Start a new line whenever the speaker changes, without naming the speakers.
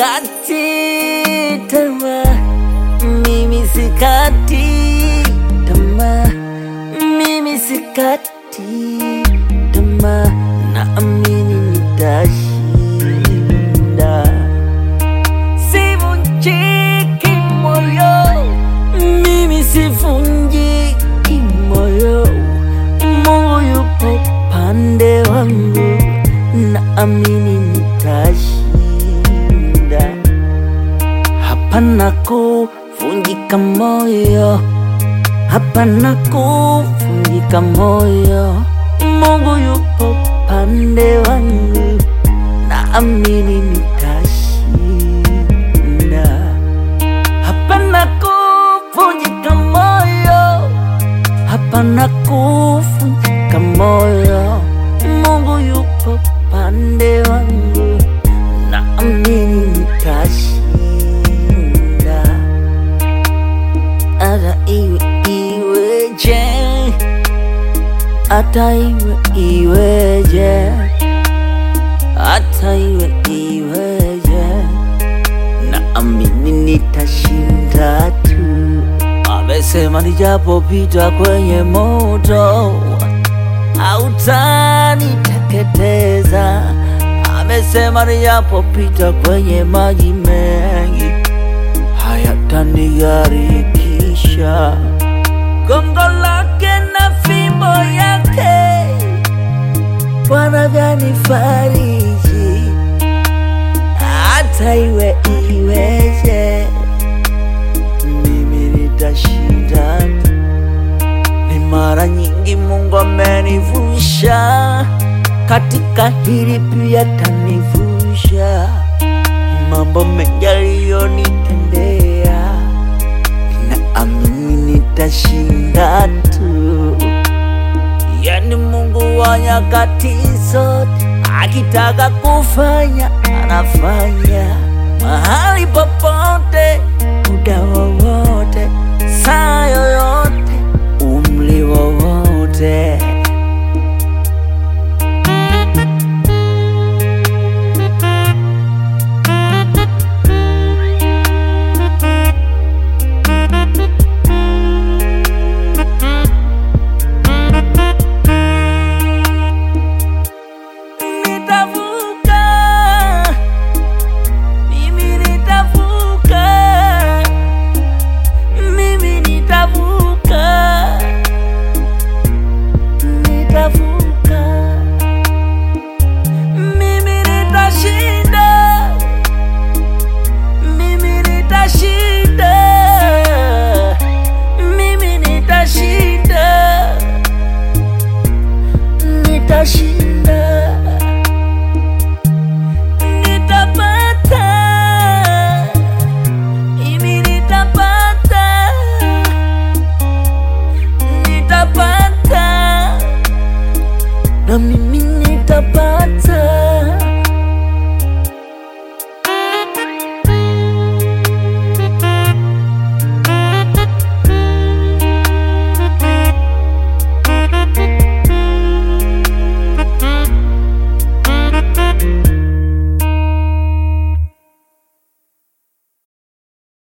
Msikati tamaa, mimi sikati tamaa, mimi sikati Hapana kuvunjika moyo, hapana kuvunjika moyo. Mungu yupo pande wangu, na amini nitashinda. Hapana kuvunjika moyo, hapana kuvunjika moyo. Mungu yupo pande wangu hata iwe iweje, hata iwe iweje, na amini nitashinda tu. Amesema nijapopita kwenye moto hautaniteketeza. Amesema nijapopita kwenye maji mengi hayatanigharikisha. Gongo lake nifariji hata iwe iweje, mimi nitashinda. Ni mara nyingi Mungu amenivusha katika hili, pia tanivusha mambo mengi aliyonitendea, na amini nitashinda tu, yani Mungu wa nyakati zote akitaka kufanya anafanya na mimi nitapata